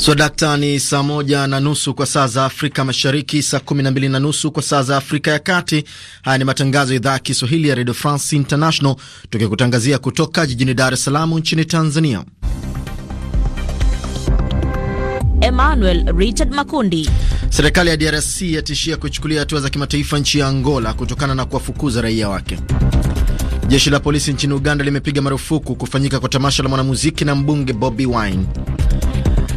Swadakta ni saa moja na nusu kwa saa za Afrika Mashariki, saa kumi na mbili na nusu kwa saa za Afrika ya Kati. Haya ni matangazo ya idhaa ya Kiswahili ya Radio France International, tukikutangazia kutoka jijini Dar es Salaam nchini Tanzania. Emmanuel Richard Makundi. Serikali ya DRC yatishia kuchukulia hatua za kimataifa nchi ya Angola kutokana na kuwafukuza raia wake. Jeshi la polisi nchini Uganda limepiga marufuku kufanyika kwa tamasha la mwanamuziki na mbunge Bobi Wine.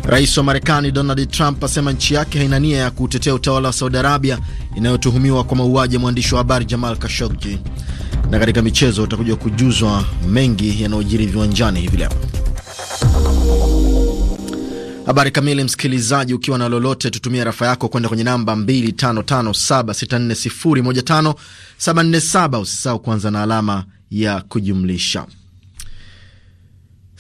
Rais wa Marekani Donald Trump asema nchi yake haina nia ya kutetea utawala wa Saudi Arabia inayotuhumiwa kwa mauaji ya mwandishi wa habari Jamal Khashoggi. Na katika michezo utakuja kujuzwa mengi yanayojiri viwanjani hivi leo. Habari kamili, msikilizaji, ukiwa na lolote, tutumia rafa yako kwenda kwenye namba 255764015747. Usisahau kuanza na alama ya kujumlisha.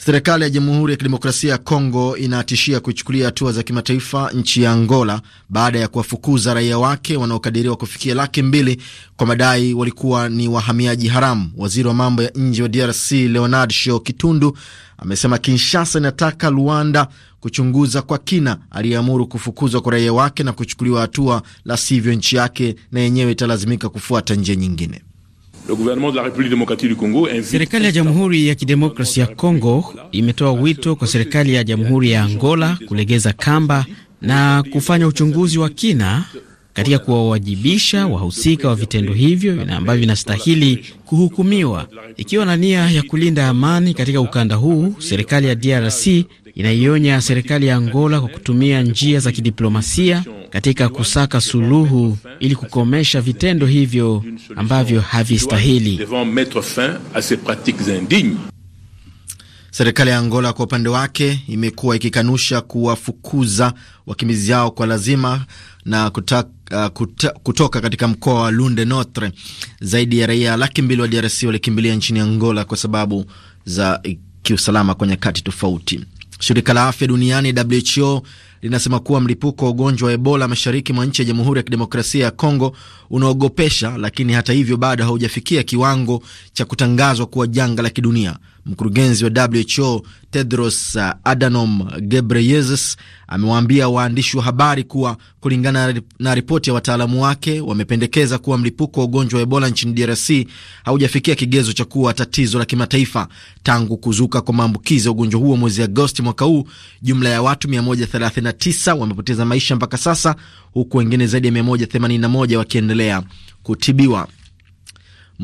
Serikali ya Jamhuri ya Kidemokrasia ya Kongo inatishia kuichukulia hatua za kimataifa nchi ya Angola baada ya kuwafukuza raia wake wanaokadiriwa kufikia laki mbili kwa madai walikuwa ni wahamiaji haramu. Waziri wa mambo ya nje wa DRC Leonard Sho Kitundu amesema Kinshasa inataka Luanda kuchunguza kwa kina aliyeamuru kufukuzwa kwa raia wake na kuchukuliwa hatua, la sivyo nchi yake na yenyewe italazimika kufuata njia nyingine. Serikali ya Jamhuri ya Kidemokrasia ya Kongo imetoa wito kwa serikali ya Jamhuri ya Angola kulegeza kamba na kufanya uchunguzi wa kina katika kuwawajibisha wahusika wa vitendo hivyo na ambavyo vinastahili kuhukumiwa. Ikiwa na nia ya kulinda amani katika ukanda huu, serikali ya DRC inaionya serikali ya Angola kwa kutumia njia za kidiplomasia katika kusaka suluhu ili kukomesha vitendo hivyo ambavyo havistahili. Serikali ya Angola kwa upande wake imekuwa ikikanusha kuwafukuza wakimbizi hao kwa lazima na kuta, uh, kuta, kutoka katika mkoa wa Lunde Notre. Zaidi ya raia laki mbili wa DRC walikimbilia nchini Angola kwa sababu za kiusalama kwa nyakati tofauti. Shirika la afya duniani WHO linasema kuwa mlipuko wa ugonjwa wa Ebola mashariki mwa nchi ya Jamhuri ya Kidemokrasia ya Kongo unaogopesha, lakini hata hivyo bado haujafikia kiwango cha kutangazwa kuwa janga la kidunia. Mkurugenzi wa WHO Tedros uh, Adhanom Ghebreyesus amewaambia waandishi wa habari kuwa kulingana na ripoti ya wataalamu wake, wamependekeza kuwa mlipuko wa ugonjwa wa Ebola nchini DRC haujafikia kigezo cha kuwa tatizo la kimataifa. Tangu kuzuka kwa maambukizi ya ugonjwa huo mwezi Agosti mwaka huu, jumla ya watu 139 wamepoteza maisha mpaka sasa, huku wengine zaidi ya 181 wakiendelea kutibiwa.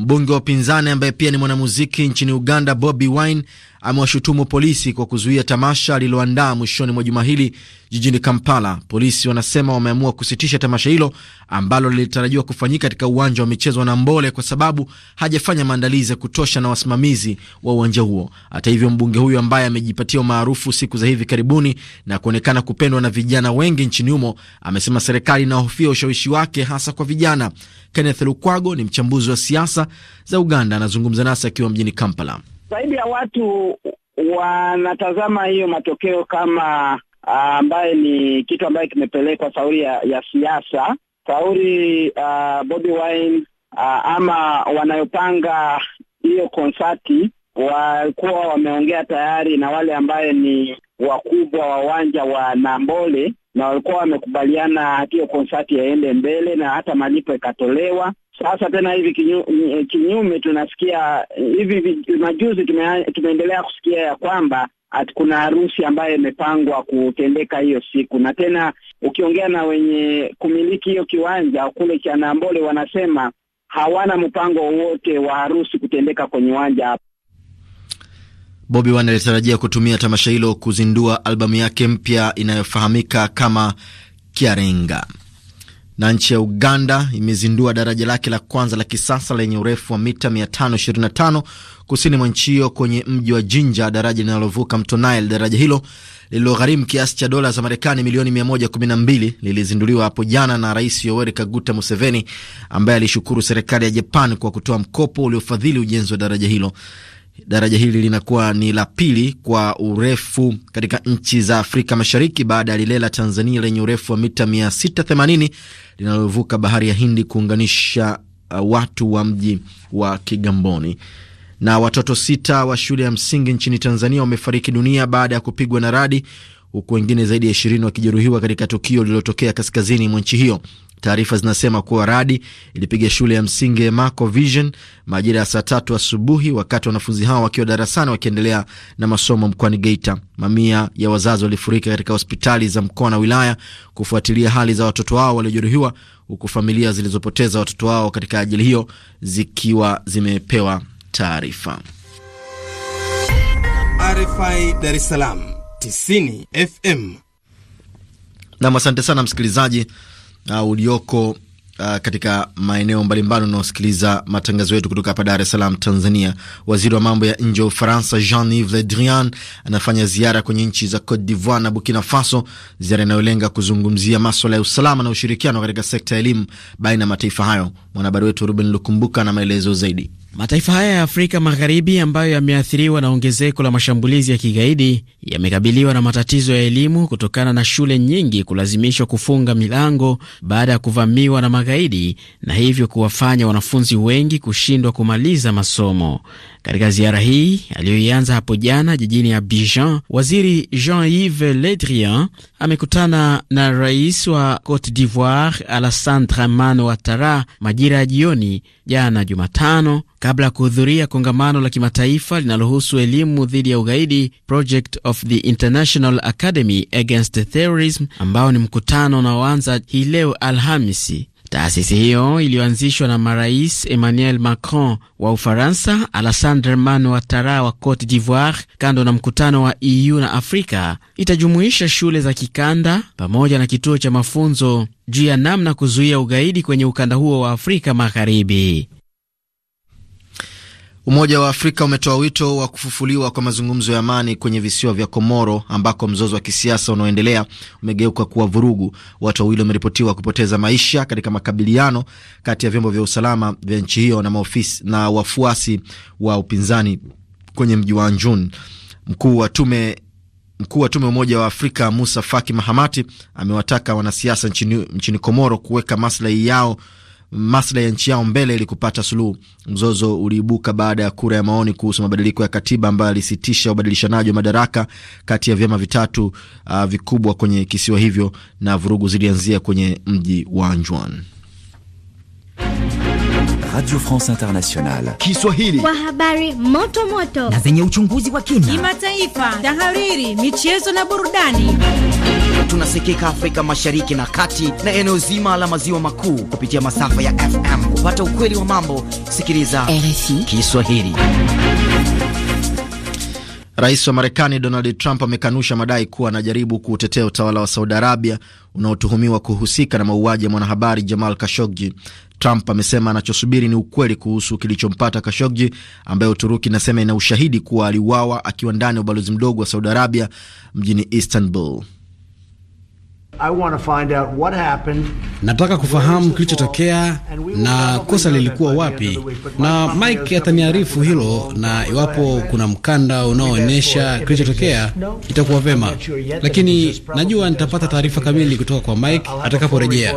Mbunge wa upinzani ambaye pia ni mwanamuziki nchini Uganda, Bobi Wine amewashutumu polisi kwa kuzuia tamasha lililoandaa mwishoni mwa juma hili jijini Kampala. Polisi wanasema wameamua kusitisha tamasha hilo ambalo lilitarajiwa kufanyika katika uwanja wa michezo wa Nambole kwa sababu hajafanya maandalizi ya kutosha na wasimamizi wa uwanja huo. Hata hivyo, mbunge huyo ambaye amejipatia umaarufu siku za hivi karibuni na kuonekana kupendwa na vijana wengi nchini humo amesema serikali inahofia ushawishi wake hasa kwa vijana. Kenneth Lukwago ni mchambuzi wa siasa za Uganda, anazungumza nasi akiwa mjini Kampala zaidi ya watu wanatazama hiyo matokeo kama ah, ambaye ni kitu ambaye kimepelekwa sauri ya, ya siasa sauri uh, ah, Bobby Wine uh, ama wanayopanga hiyo konsati walikuwa wameongea tayari na wale ambaye ni wakubwa wa uwanja wa Nambole na walikuwa wamekubaliana hiyo konsati yaende mbele na hata malipo ikatolewa, sasa tena hivi kinyume, kinyume tunasikia hivi majuzi tume, tumeendelea kusikia ya kwamba kuna harusi ambayo imepangwa kutendeka hiyo siku, na tena ukiongea na wenye kumiliki hiyo kiwanja kule cha Nambole wanasema hawana mpango wowote wa harusi kutendeka kwenye uwanja hapo. Bobi Wine alitarajia kutumia tamasha hilo kuzindua albamu yake mpya inayofahamika kama Kiarenga. Na nchi ya Uganda imezindua daraja lake la kwanza la kisasa lenye urefu wa mita 525 kusini mwa nchi hiyo kwenye mji wa Jinja, daraja linalovuka mto Nile. Daraja hilo lililogharimu kiasi cha dola za Marekani milioni 112 lilizinduliwa hapo jana na Rais Yoweri Kaguta Museveni ambaye alishukuru serikali ya Japan kwa kutoa mkopo uliofadhili ujenzi wa daraja hilo. Daraja hili linakuwa ni la pili kwa urefu katika nchi za Afrika Mashariki baada ya lile la Tanzania lenye urefu wa mita 680 linalovuka bahari ya Hindi kuunganisha uh, watu wa mji wa Kigamboni. Na watoto sita wa shule ya msingi nchini Tanzania wamefariki dunia baada ya kupigwa na radi huku wengine zaidi ya ishirini wakijeruhiwa katika tukio lililotokea kaskazini mwa nchi hiyo. Taarifa zinasema kuwa radi ilipiga shule ya msingi Mako Vision majira ya saa tatu asubuhi wakati wanafunzi hao wakiwa darasani wakiendelea na masomo mkoani Geita. Mamia ya wazazi walifurika katika hospitali za mkoa na wilaya kufuatilia hali za watoto wao waliojeruhiwa, huku familia zilizopoteza watoto wao katika ajali hiyo zikiwa zimepewa taarifa. RFI Dar es Salaam 90 FM. Nam, asante sana msikilizaji uh, ulioko Uh, katika maeneo mbalimbali unaosikiliza matangazo yetu kutoka hapa Dar es Salaam, Tanzania. Waziri wa mambo ya nje wa Ufaransa Jean-Yves Le Drian anafanya ziara kwenye nchi za Cote d'Ivoire na Burkina Faso, ziara inayolenga kuzungumzia maswala ya usalama na ushirikiano katika sekta ya elimu baina ya mataifa hayo. Mwanahabari wetu Ruben Lukumbuka na maelezo zaidi. Mataifa haya ya Afrika Magharibi ambayo yameathiriwa na ongezeko la mashambulizi ya kigaidi yamekabiliwa na matatizo ya elimu kutokana na shule nyingi kulazimishwa kufunga milango baada ya kuvamiwa na magaidi na hivyo kuwafanya wanafunzi wengi kushindwa kumaliza masomo. Katika ziara hii aliyoianza hapo jana jijini Abidjan, waziri Jean-Yves Le Drian amekutana na rais wa Cote d'Ivoire Alassane Dramane Ouattara majira ya jioni jana Jumatano, kabla ya kuhudhuria kongamano la kimataifa linalohusu elimu dhidi ya ugaidi, Project of the International Academy Against Terrorism, ambao ni mkutano unaoanza hii leo Alhamisi. Taasisi hiyo iliyoanzishwa na marais Emmanuel Macron wa Ufaransa, Alassandre Man Ouattara wa Cote d'Ivoire, kando na mkutano wa EU na Afrika, itajumuisha shule za kikanda pamoja na kituo cha mafunzo juu ya namna kuzuia ugaidi kwenye ukanda huo wa Afrika Magharibi. Umoja wa Afrika umetoa wito wa kufufuliwa kwa mazungumzo ya amani kwenye visiwa vya Komoro ambako mzozo wa kisiasa unaoendelea umegeuka kuwa vurugu. Watu wawili wameripotiwa kupoteza maisha katika makabiliano kati ya vyombo vya usalama vya nchi hiyo na maofisi na wafuasi wa upinzani kwenye mji wa Njun. Mkuu wa tume Mkuu wa tume Umoja wa Afrika Musa Faki Mahamati amewataka wanasiasa nchini, nchini Komoro kuweka maslahi yao maslahi ya nchi yao mbele ili kupata suluhu. Mzozo uliibuka baada ya kura ya maoni kuhusu mabadiliko ya katiba ambayo alisitisha ubadilishanaji wa madaraka kati ya vyama vitatu uh, vikubwa kwenye kisiwa hivyo, na vurugu zilianzia kwenye mji wa Anjuan. Radio France Internationale Kiswahili, kwa habari moto moto na zenye uchunguzi wa kina, kimataifa, tahariri, michezo na burudani. Tunasikika Afrika Mashariki na Kati na eneo zima la maziwa makuu kupitia masafa ya FM. Kupata ukweli wa mambo, sikiliza RFI Kiswahili. Rais wa Marekani Donald Trump amekanusha madai kuwa anajaribu kuutetea utawala wa Saudi Arabia unaotuhumiwa kuhusika na mauaji ya mwanahabari Jamal Khashoggi. Trump amesema anachosubiri ni ukweli kuhusu kilichompata Khashoggi, ambaye Uturuki inasema ina ushahidi kuwa aliuawa akiwa ndani ya ubalozi mdogo wa Saudi Arabia mjini Istanbul. Nataka kufahamu kilichotokea na kosa lilikuwa wapi, na Mike ataniarifu hilo, na iwapo kuna mkanda unaoonyesha kilichotokea itakuwa vema, lakini najua nitapata taarifa kamili kutoka kwa Mike atakaporejea.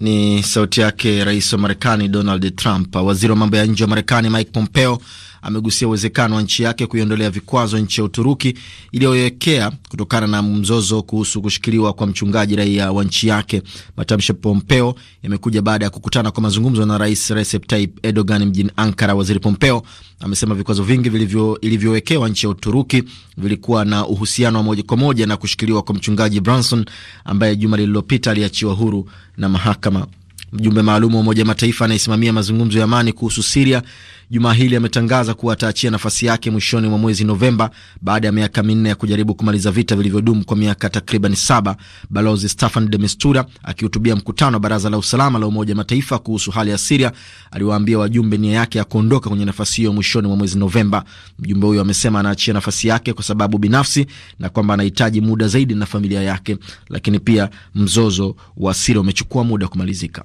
Ni sauti yake rais wa Marekani Donald Trump. Waziri wa mambo ya nje wa Marekani Mike Pompeo amegusia uwezekano wa nchi yake kuiondolea vikwazo nchi ya Uturuki iliyowekea kutokana na mzozo kuhusu kushikiliwa kwa mchungaji raia wa nchi yake. Matamshi ya Pompeo yamekuja baada ya kukutana kwa mazungumzo na rais Recep Tayyip Erdogan mjini Ankara. Waziri Pompeo amesema vikwazo vingi ilivyowekewa nchi ya Uturuki vilikuwa na uhusiano wa moja kwa moja na kushikiliwa kwa mchungaji Branson ambaye juma lililopita aliachiwa huru na mahakama. Mjumbe maalum wa Umoja Mataifa anayesimamia mazungumzo ya amani kuhusu Siria juma hili ametangaza kuwa ataachia nafasi yake mwishoni mwa mwezi Novemba baada ya miaka minne ya kujaribu kumaliza vita vilivyodumu kwa miaka takriban saba. Balozi Staffan de Mistura akihutubia mkutano wa Baraza la Usalama la Umoja Mataifa kuhusu hali ya Siria aliwaambia wajumbe nia yake ya kuondoka kwenye nafasi hiyo mwishoni mwa mwezi Novemba. Mjumbe huyo amesema anaachia nafasi yake kwa sababu binafsi na kwamba anahitaji muda zaidi na familia yake, lakini pia mzozo wa Siria umechukua muda kumalizika.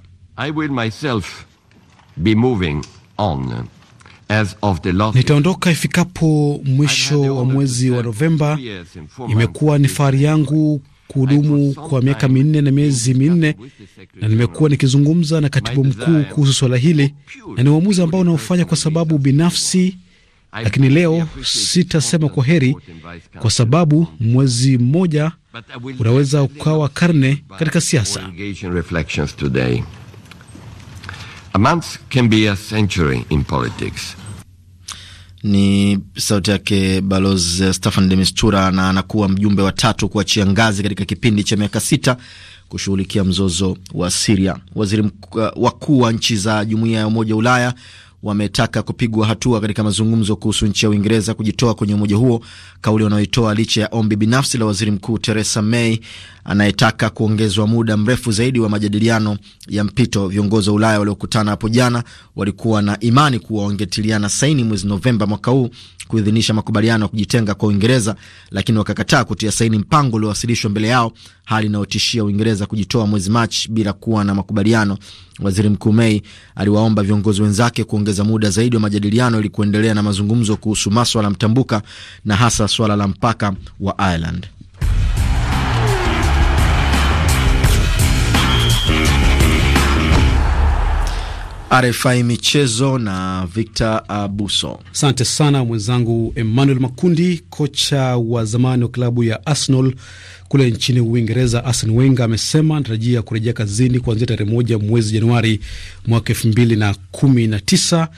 Nitaondoka ifikapo mwisho wa mwezi wa Novemba. Imekuwa ni fahari yangu kuhudumu kwa miaka minne na miezi minne, na nimekuwa nikizungumza na katibu mkuu kuhusu swala hili, na ni uamuzi ambao unaofanya kwa sababu binafsi, lakini leo sitasema kwa heri, kwa sababu mwezi mmoja unaweza ukawa karne katika siasa. A month can be a century in politics. Ni sauti yake Balozi Stefan de Mistura, na anakuwa mjumbe wa tatu kuachia ngazi katika kipindi cha miaka sita kushughulikia mzozo wa Siria. Waziri wakuu wa nchi za Jumuiya ya Umoja wa Ulaya wametaka kupigwa hatua katika mazungumzo kuhusu nchi ya Uingereza kujitoa kwenye umoja huo, kauli wanaoitoa licha ya ombi binafsi la waziri mkuu Theresa May anayetaka kuongezwa muda mrefu zaidi wa majadiliano ya mpito. Viongozi wa Ulaya waliokutana hapo jana walikuwa na imani kuwa wangetiliana saini mwezi Novemba mwaka huu kuidhinisha makubaliano ya kujitenga kwa Uingereza, lakini wakakataa kutia saini mpango uliowasilishwa mbele yao, hali inayotishia Uingereza kujitoa mwezi Machi bila kuwa na makubaliano. Waziri Mkuu mei aliwaomba viongozi wenzake kuongeza muda zaidi wa majadiliano ili kuendelea na mazungumzo kuhusu maswala mtambuka na hasa swala la mpaka wa Ireland. RFI Michezo na Victor Abuso. Asante sana mwenzangu Emmanuel Makundi. Kocha wa zamani wa klabu ya Arsenal kule nchini Uingereza, Arsene Wenger amesema anatarajia kurejea kazini kuanzia tarehe moja mwezi Januari mwaka elfu mbili na kumi na tisa.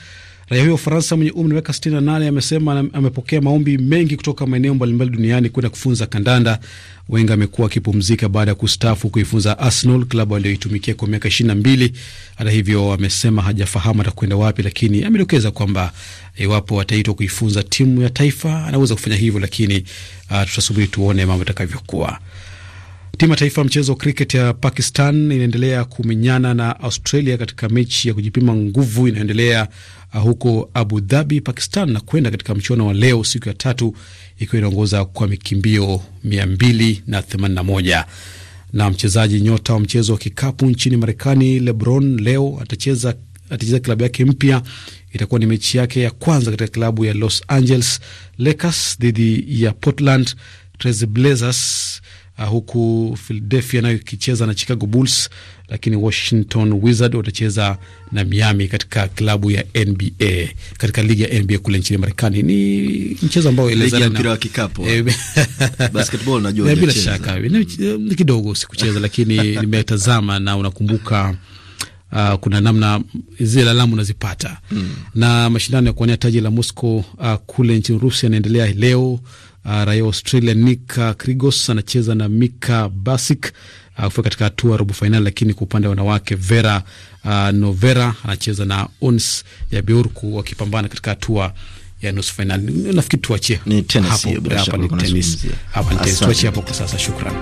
Raia huyo Ufaransa mwenye umri wa miaka 68 amesema amepokea maombi mengi kutoka maeneo mbalimbali duniani kwenda kufunza kandanda. wenga amekuwa akipumzika baada ya kustaafu kuifunza Arsenal, klabu aliyoitumikia kwa miaka 22. Hata hivyo, amesema hajafahamu atakwenda wapi, lakini amedokeza kwamba iwapo ataitwa kuifunza timu ya taifa anaweza kufanya hivyo, lakini uh, tutasubiri tuone mambo itakavyokuwa Timu ya taifa mchezo wa ya Pakistan inaendelea kumenyana na Australia katika mechi ya kujipima nguvu inayoendelea uh, huko Abu Dhabi, Pakistan, na kwenda katika mchuano wa leo siku ya tatu ikiwa inaongoza kwa mikimbio 281 na mchezaji nyota wa mchezo wa kikapu nchini Marekani LeBron leo atacheza, atacheza klabu yake mpya. Itakuwa ni mechi yake ya kwanza katika klabu ya Los Angeles Lakers dhidi ya Portland Trailblazers uh, huku Philadelphia nayo ikicheza na Chicago Bulls, lakini Washington Wizard watacheza na Miami katika klabu ya NBA katika ligi ya NBA kule nchini Marekani. Ni mchezo ambao mpira wa eh, basketball, najua eh, bila shaka ni kidogo sikucheza lakini nimetazama na unakumbuka Uh, kuna namna zile lalamu unazipata mm. Na mashindano ya kuwania taji la Moscow uh, kule nchini Rusia yanaendelea leo Uh, raia wa Australia Nick Kyrgios anacheza na Mika Basic uh, katika hatua robo fainali, lakini kwa upande wa wanawake Vera uh, Novera anacheza na Ons Jabiorku wakipambana katika hatua ya nusu fainali. Nafikiri tuachie hapo kwa sasa, shukran.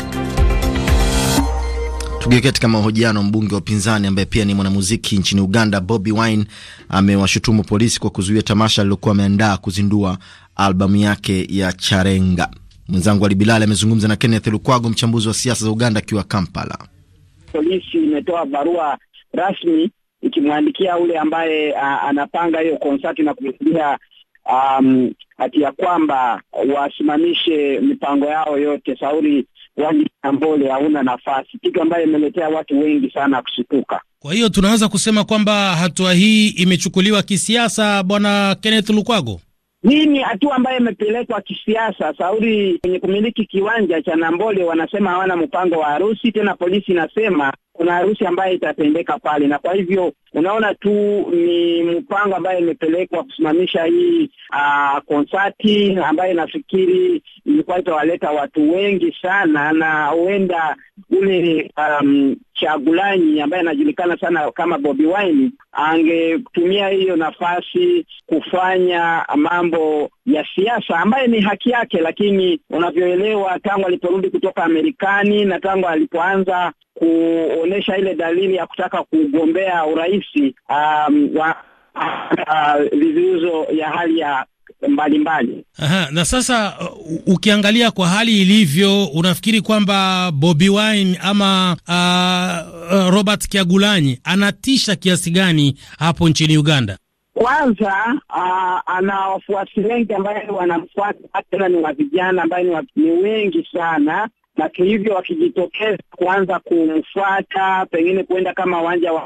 Tugeukia katika mahojiano. Mbunge wa upinzani ambaye pia ni mwanamuziki nchini Uganda, Bobi Wine amewashutumu polisi kwa kuzuia tamasha alilokuwa ameandaa kuzindua albamu yake ya Charenga. Mwenzangu Ali Bilali amezungumza na Kenneth Lukwago, mchambuzi wa siasa za Uganda, akiwa Kampala. Polisi imetoa barua rasmi ikimwandikia ule ambaye a, anapanga hiyo konsati na kumwambia um, hati ya kwamba wasimamishe mipango yao yote, sauri yani Ambole hauna nafasi, kitu ambayo imeletea watu wengi sana kushituka. Kwa hiyo tunaweza kusema kwamba hatua hii imechukuliwa kisiasa, Bwana Kenneth Lukwago. Hii ni hatua ambayo imepelekwa kisiasa. Sauri wenye kumiliki kiwanja cha Nambole wanasema hawana mpango wa harusi tena, polisi inasema kuna harusi ambayo itatendeka pale, na kwa hivyo unaona tu ni mpango ambayo imepelekwa kusimamisha hii ah, konsati ambayo inafikiri ilikuwa itawaleta watu wengi sana, na huenda ule um, Chagulanyi ambaye anajulikana sana kama Bobi Wine angetumia hiyo nafasi kufanya mambo ya siasa ambaye ni haki yake, lakini unavyoelewa tangu aliporudi kutoka Amerikani na tangu alipoanza kuonesha ile dalili ya kutaka kugombea urais um, wa uh, ya hali ya mbalimbali. mbali. na sasa uh, ukiangalia kwa hali ilivyo, unafikiri kwamba Bobi Wine ama uh, uh, Robert Kyagulanyi anatisha kiasi gani hapo nchini Uganda? Kwanza uh, ana wafuasi wengi ambayo wanamfuata, hata ni wa vijana ambayo ni wengi sana na hivyo wakijitokeza kuanza kumfuata, pengine kuenda kama uwanja wa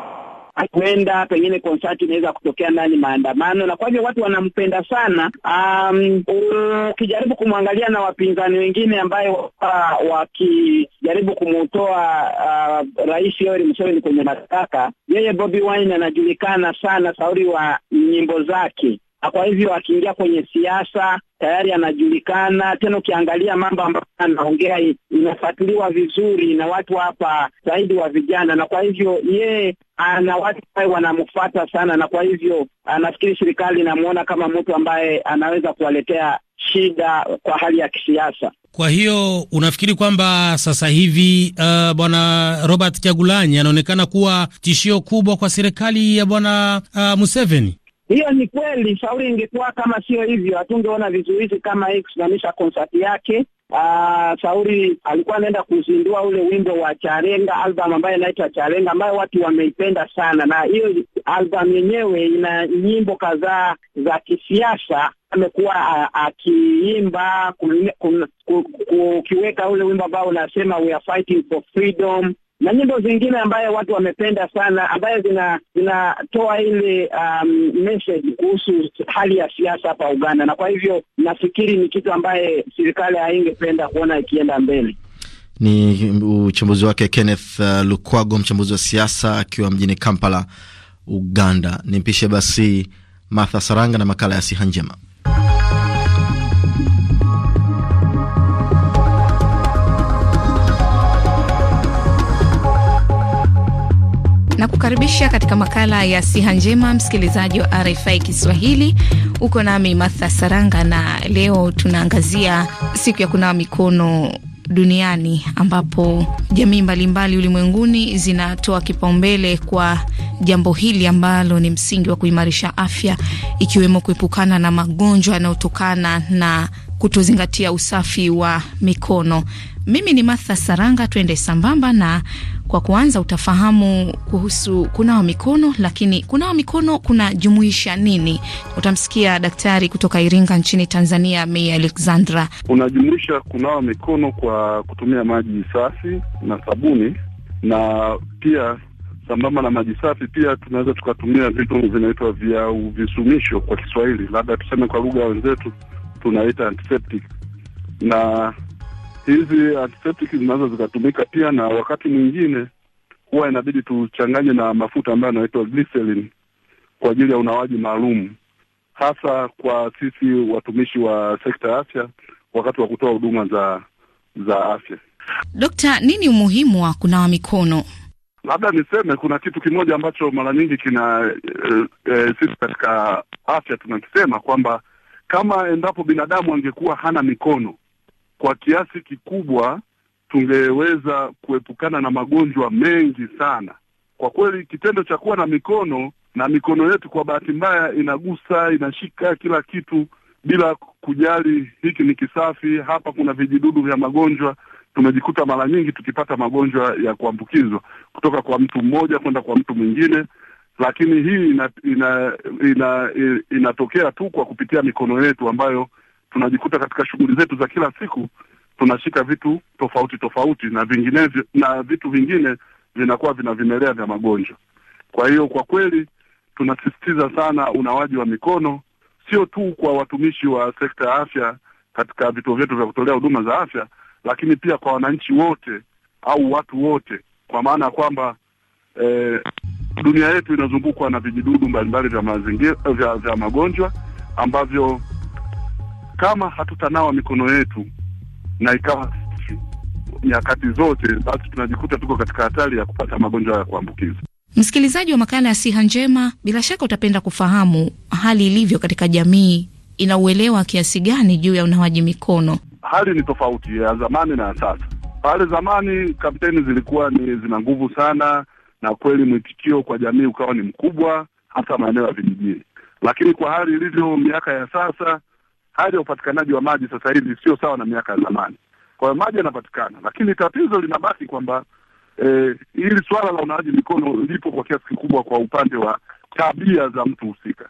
kwenda pengine konsati inaweza kutokea ndani maandamano, na kwa hivyo watu wanampenda sana. Um, ukijaribu um, kumwangalia na wapinzani wengine ambayo uh, wakijaribu kumutoa uh, Rais Yoweri Museveni kwenye madaraka, yeye Bobi Wine anajulikana sana sauri wa nyimbo zake na kwa hivyo akiingia kwenye siasa tayari anajulikana. Tena ukiangalia mambo ambayo anaongea inafuatiliwa vizuri na watu hapa zaidi wa vijana, na kwa hivyo yeye ana watu ambaye wanamfuata sana, na kwa hivyo anafikiri serikali inamwona kama mtu ambaye anaweza kuwaletea shida kwa hali ya kisiasa. Kwa hiyo unafikiri kwamba sasa hivi uh, bwana Robert Kyagulanyi anaonekana kuwa tishio kubwa kwa serikali ya bwana uh, Museveni? Hiyo ni kweli. Shauri ingekuwa kama sio hivyo, hatungeona vizuizi kama hii kusimamisha konsati yake. Aa, ah, Shauri alikuwa anaenda kuzindua ule wimbo wa Charenga, album ambayo inaitwa Charenga ambayo watu wameipenda sana, na hiyo album yenyewe ina nyimbo kadhaa za kisiasa amekuwa ah, akiimba, ukiweka ule wimbo ambao unasema we are fighting for freedom na nyimbo zingine ambayo watu wamependa sana ambayo zina zinatoa ile um, message kuhusu hali ya siasa hapa Uganda, na kwa hivyo nafikiri ni kitu ambaye serikali haingependa kuona ikienda mbele. Ni uchambuzi wake Kenneth uh, Lukwago, mchambuzi wa siasa akiwa mjini Kampala, Uganda. Nimpishe basi Martha Saranga na makala ya siha njema. na kukaribisha katika makala ya siha njema, msikilizaji wa RFI Kiswahili. Uko nami Martha Saranga, na leo tunaangazia siku ya kunawa mikono duniani ambapo jamii mbalimbali ulimwenguni zinatoa kipaumbele kwa jambo hili ambalo ni msingi wa kuimarisha afya, ikiwemo kuepukana na magonjwa yanayotokana na kutozingatia usafi wa mikono. Mimi ni Martha Saranga, tuende sambamba na kwa kuanza utafahamu kuhusu kunawa mikono. Lakini kunawa mikono kunajumuisha nini? Utamsikia daktari kutoka Iringa nchini Tanzania, Mei Alexandra. Unajumuisha kunawa mikono kwa kutumia maji safi na sabuni, na pia sambamba na maji safi, pia tunaweza tukatumia vitu vinaitwa vya uvisumisho kwa Kiswahili, labda tuseme kwa lugha wenzetu tunaita antiseptic na hizi antiseptic zinaweza zikatumika pia, na wakati mwingine huwa inabidi tuchanganye na mafuta ambayo yanaitwa glycerin kwa ajili ya unawaji maalum, hasa kwa sisi watumishi wa sekta ya afya wakati wa kutoa huduma za za afya. Dokta, nini umuhimu wa kunawa mikono? Labda niseme kuna kitu kimoja ambacho mara nyingi kina e, e, sisi katika afya tunakisema kwamba kama endapo binadamu angekuwa hana mikono kwa kiasi kikubwa tungeweza kuepukana na magonjwa mengi sana. Kwa kweli, kitendo cha kuwa na mikono na mikono yetu kwa bahati mbaya inagusa, inashika kila kitu bila kujali hiki ni kisafi, hapa kuna vijidudu vya magonjwa. Tumejikuta mara nyingi tukipata magonjwa ya kuambukizwa kutoka kwa mtu mmoja kwenda kwa mtu mwingine, lakini hii ina, ina, ina, ina, inatokea tu kwa kupitia mikono yetu ambayo tunajikuta katika shughuli zetu za kila siku tunashika vitu tofauti tofauti na vingine na vitu vingine vinakuwa vina vimelea vya magonjwa. Kwa hiyo kwa kweli tunasisitiza sana unawaji wa mikono, sio tu kwa watumishi wa sekta ya afya katika vituo vyetu vya kutolea huduma za afya, lakini pia kwa wananchi wote au watu wote, kwa maana ya kwamba eh, dunia yetu inazungukwa na vijidudu mbalimbali vya mazingira, vya, vya magonjwa ambavyo kama hatutanawa mikono yetu na ikawa nyakati zote, basi tunajikuta tuko katika hatari ya kupata magonjwa ya kuambukiza. Msikilizaji wa makala ya siha njema, bila shaka utapenda kufahamu hali ilivyo katika jamii, ina uelewa kiasi gani juu ya unawaji mikono? Hali ni tofauti ya zamani na ya sasa. Pale zamani kampeni zilikuwa ni zina nguvu sana, na kweli mwitikio kwa jamii ukawa ni mkubwa, hasa maeneo ya vijijini. Lakini kwa hali ilivyo miaka ya sasa, hali ya upatikanaji wa maji sasa hivi sio sawa na miaka ya zamani. Kwa hiyo maji yanapatikana, lakini tatizo linabaki kwamba eh, hili suala la unawaji mikono lipo kwa kiasi kikubwa kwa upande wa tabia za mtu husika,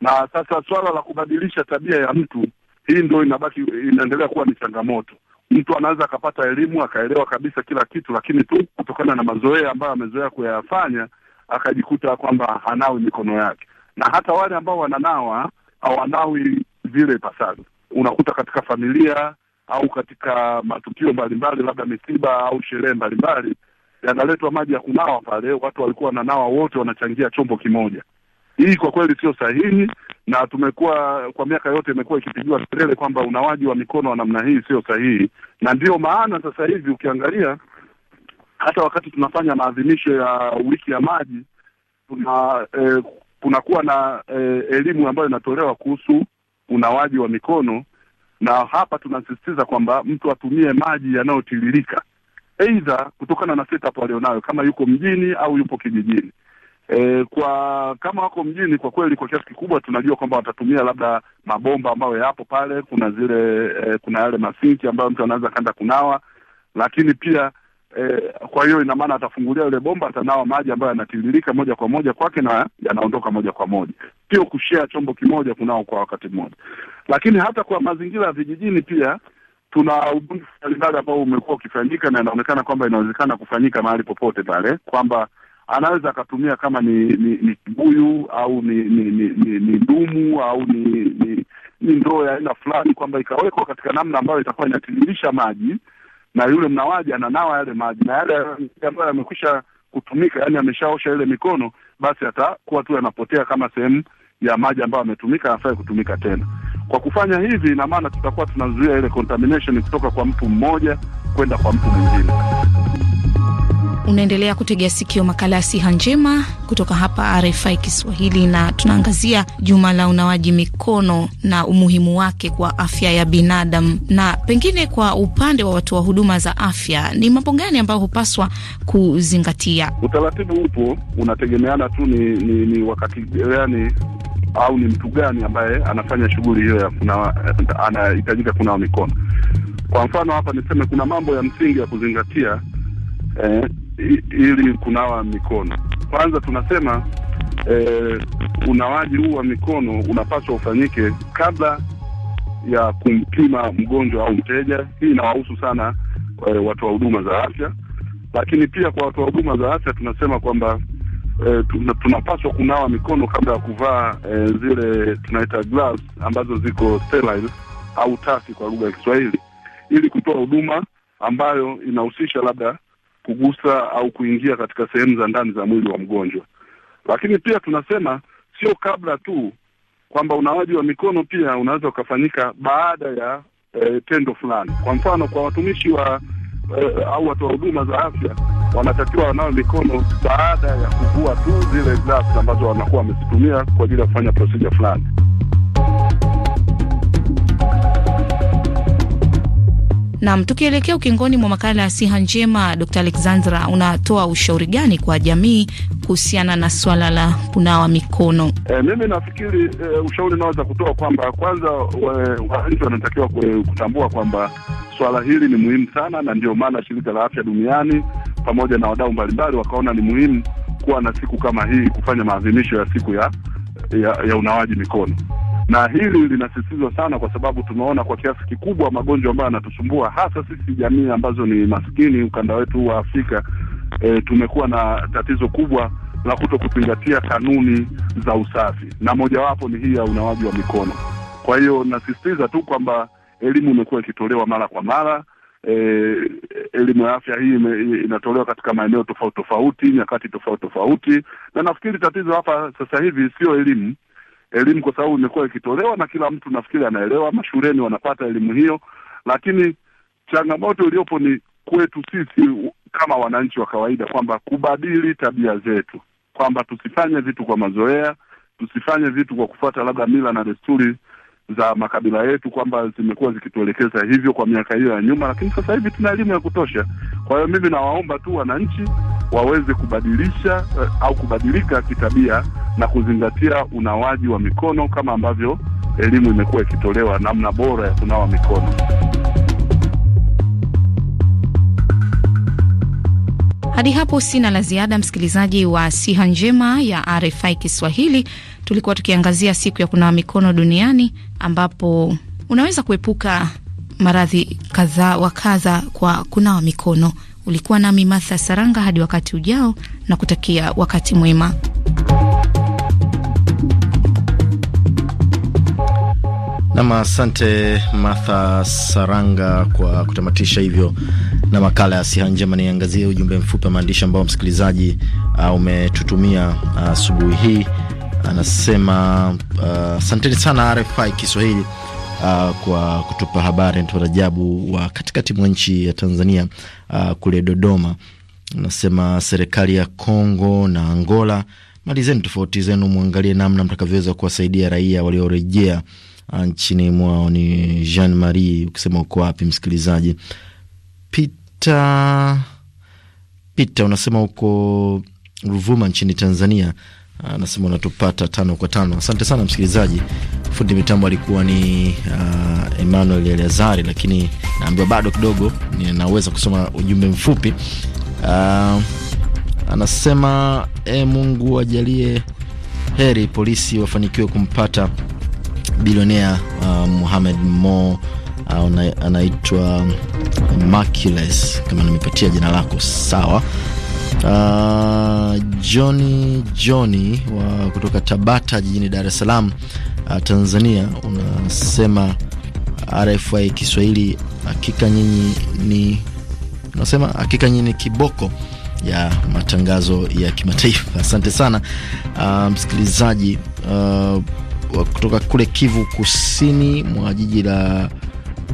na sasa swala la kubadilisha tabia ya mtu hii ndio inabaki inaendelea kuwa ni changamoto. Mtu anaweza akapata elimu akaelewa kabisa kila kitu, lakini tu kutokana na mazoea ambayo amezoea kuyafanya akajikuta kwamba hanawi mikono yake, na hata wale ambao wananawa hawanawi vile ipasavyo. Unakuta katika familia au katika matukio mbalimbali, labda misiba au sherehe mbalimbali, yanaletwa maji ya kunawa pale, watu walikuwa wananawa wote, wanachangia chombo kimoja. Hii kwa kweli sio sahihi, na tumekuwa kwa miaka yote imekuwa ikipigiwa kelele kwamba unawaji wa mikono wa namna hii sio sahihi, na ndiyo maana sasa hivi ukiangalia hata wakati tunafanya maadhimisho ya wiki ya maji tuna eh, kunakuwa na eh, elimu ambayo inatolewa kuhusu unawaji wa mikono, na hapa tunasisitiza kwamba mtu atumie maji yanayotiririka, aidha kutokana na setup alionayo, kama yuko mjini au yupo kijijini. E, kwa kama wako mjini, kwa kweli kwa kiasi kikubwa tunajua kwamba watatumia labda mabomba ambayo yapo pale, kuna zile e, kuna yale masinki ambayo mtu anaweza kaenda kunawa, lakini pia e, kwa hiyo ina maana atafungulia yule bomba, atanawa maji ambayo yanatiririka moja kwa moja kwake na yanaondoka moja kwa moja sio kushea chombo kimoja kunao kwa wakati mmoja. Lakini hata kwa mazingira ya vijijini pia tuna ubunifu mbalimbali ambao umekuwa ukifanyika na inaonekana kwamba inawezekana kufanyika mahali popote pale, kwamba anaweza akatumia kama ni ni, ni kibuyu au ni ni ni, ni, ni dumu au ni ni, ni ndoo ya aina fulani, kwamba ikawekwa katika namna ambayo itakuwa inatiririsha maji na yule mnawaji ananawa yale maji na yale ambayo yamekwisha kutumika, yani ameshaosha ile mikono, basi atakuwa tu anapotea kama sehemu ya maji ambayo yametumika yafai kutumika tena. Kwa kufanya hivi, ina maana tutakuwa tunazuia ile contamination kutoka kwa mtu mmoja kwenda kwa mtu mwingine. Unaendelea kutegea sikio makala ya siha njema kutoka hapa RFI Kiswahili, na tunaangazia juma la unawaji mikono na umuhimu wake kwa afya ya binadamu. Na pengine kwa upande wa watu wa huduma za afya, ni mambo gani ambayo hupaswa kuzingatia? Utaratibu upo, unategemeana tu ni, ni, ni wakati gani au ni mtu gani ambaye anafanya shughuli hiyo ya anahitajika kunawa mikono. Kwa mfano hapa niseme kuna mambo ya msingi ya kuzingatia eh, ili kunawa mikono. Kwanza tunasema eh, unawaji huu wa mikono unapaswa ufanyike kabla ya kumpima mgonjwa au mteja. Hii inawahusu sana eh, watu wa huduma za afya, lakini pia kwa watu wa huduma za afya tunasema kwamba eh, tunapaswa kunawa mikono kabla ya kuvaa eh, zile tunaita gloves ambazo ziko sterile au tasi kwa lugha ya Kiswahili, ili kutoa huduma ambayo inahusisha labda kugusa au kuingia katika sehemu za ndani za mwili wa mgonjwa. Lakini pia tunasema sio kabla tu kwamba unawaji wa mikono pia unaweza ukafanyika baada ya e, tendo fulani. Kwa mfano, kwa watumishi wa e, au watoa huduma za afya wanatakiwa wanawe mikono baada ya kuvua tu zile gloves ambazo wanakuwa wamezitumia kwa ajili ya kufanya procedure fulani. Nam, tukielekea ukingoni mwa makala ya siha njema, d Alexandra, unatoa ushauri gani kwa jamii kuhusiana na swala la kunawa mikono? E, mimi nafikiri e, ushauri unaweza kutoa kwamba kwanza wananchi wanatakiwa kutambua kwamba swala hili ni muhimu sana, na ndio maana shirika la afya duniani pamoja na wadau mbalimbali wakaona ni muhimu kuwa na siku kama hii kufanya maadhimisho ya siku ya, ya, ya unawaji mikono na hili linasisitizwa sana, kwa sababu tumeona kwa kiasi kikubwa magonjwa ambayo yanatusumbua hasa sisi jamii ambazo ni maskini ukanda wetu wa Afrika. E, tumekuwa na tatizo kubwa la kuto kuzingatia kanuni za usafi na mojawapo ni hii ya unawaji wa mikono. Kwa hiyo nasisitiza tu kwamba elimu imekuwa ikitolewa mara kwa mara. E, elimu ya afya hii me, inatolewa katika maeneo tofauti tofauti, nyakati tofauti tofauti, na nafikiri tatizo hapa sasa hivi sio elimu elimu, kwa sababu imekuwa ikitolewa na kila mtu nafikiri anaelewa, mashuleni wanapata elimu hiyo, lakini changamoto iliyopo ni kwetu sisi kama wananchi wa kawaida, kwamba kubadili tabia zetu, kwamba tusifanye vitu kwa mazoea, tusifanye vitu kwa kufuata labda mila na desturi za makabila yetu, kwamba zimekuwa zikituelekeza hivyo kwa miaka hiyo ya nyuma, lakini sasa hivi tuna elimu ya kutosha. Kwa hiyo mimi nawaomba tu wananchi waweze kubadilisha uh, au kubadilika kitabia na kuzingatia unawaji wa mikono kama ambavyo elimu imekuwa ikitolewa namna bora ya kunawa mikono. Hadi hapo sina la ziada, msikilizaji wa Siha Njema ya RFI Kiswahili. Tulikuwa tukiangazia siku ya kunawa mikono duniani, ambapo unaweza kuepuka maradhi kadha wa kadha kwa kunawa mikono. Ulikuwa nami Martha Saranga hadi wakati ujao, na kutakia wakati mwema. Nam, asante Martha Saranga kwa kutamatisha hivyo na makala ya siha njema. Niangazie ujumbe mfupi wa maandishi ambao msikilizaji uh, umetutumia uh, asubuhi uh, hii. Anasema uh, asanteni sana RFI Kiswahili uh, kwa kutupa habari Anto Rajabu wa katikati mwa nchi ya Tanzania uh, kule Dodoma. Anasema serikali ya Kongo na Angola, malizeni tofauti zenu, mwangalie namna mtakavyoweza kuwasaidia raia waliorejea uh, nchini mwao. Ni Jean Marie, ukisema uko wapi msikilizaji? pita Pita unasema uko Ruvuma nchini Tanzania anasema ah, unatupata tano kwa tano. Asante sana msikilizaji. Fundi mitambo alikuwa ni uh, Emmanuel Eleazari, lakini naambiwa bado kidogo ninaweza kusoma ujumbe mfupi uh, anasema e, Mungu ajalie heri polisi wafanikiwe kumpata bilionea uh, Muhamed Mo uh, anaitwa Macules, kama nimepatia jina lako sawa. Uh, Johnny Johnny wa kutoka Tabata jijini Dar es Salaam uh, Tanzania unasema RFI Kiswahili hakika nyinyi ni unasema hakika nyinyi ni kiboko ya matangazo ya kimataifa. Asante sana uh, msikilizaji uh, kutoka kule Kivu Kusini mwa jiji la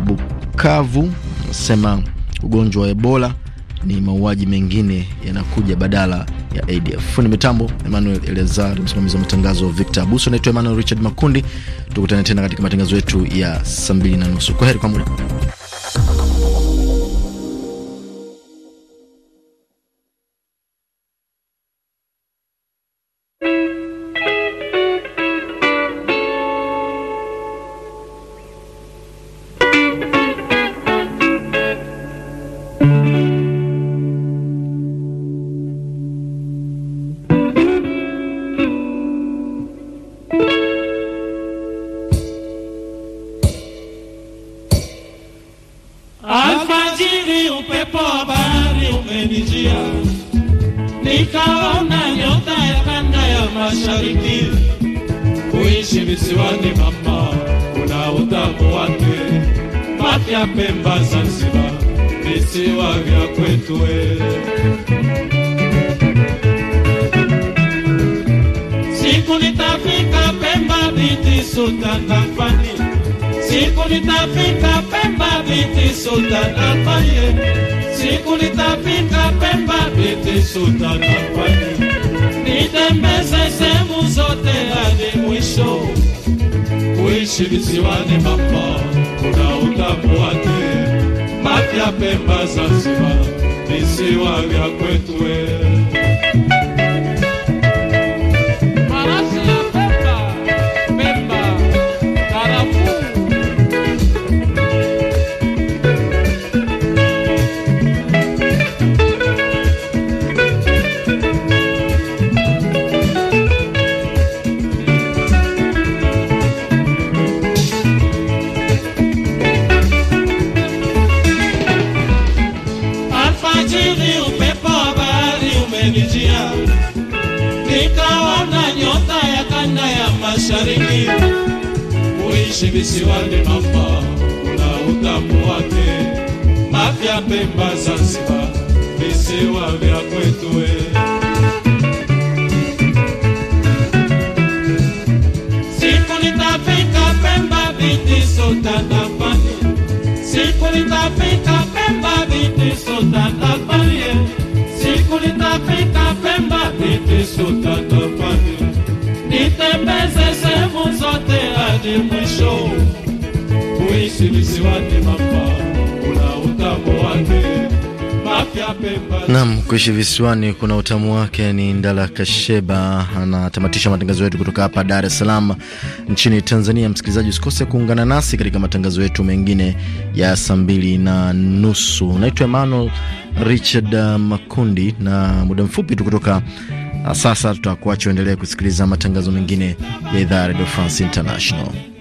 Bukavu unasema ugonjwa wa Ebola ni mauaji mengine yanakuja badala ya ADF. Fundi mitambo Emmanuel Elezar, msimamizi wa matangazo Victor Abuso. Naitwa Emmanuel Richard Makundi, tukutane tena katika matangazo yetu ya saa mbili na nusu. Kwa heri kwa muda. pwani, nitembeze sehemu zote hadi mwisho. Kuishi visiwani hapa kuna utamu wake, maji Pemba, Zanzibar, visiwa vya kwetu. mingi kuishi visiwani mamba kuna utamu wake mafya pemba zanzibar visiwa vya kwetue siku nitafika pemba sota vitisotatapalie siku nitafika pemba sota vitisotatapalie siku nitafika pemba sota vitisotatapalie sehemu zote hadi mwisho, visiwani Nam kuishi visiwani kuna utamu wake. Ni Ndala Kasheba anatamatisha matangazo yetu kutoka hapa Dar es Salaam nchini Tanzania. Msikilizaji, usikose kuungana nasi katika matangazo yetu mengine ya saa mbili na nusu. Naitwa Emmanuel Richard Makundi, na muda mfupi tu kutoka sasa tutakuacha uendelee kusikiliza matangazo mengine ya idhaa ya Radio France International.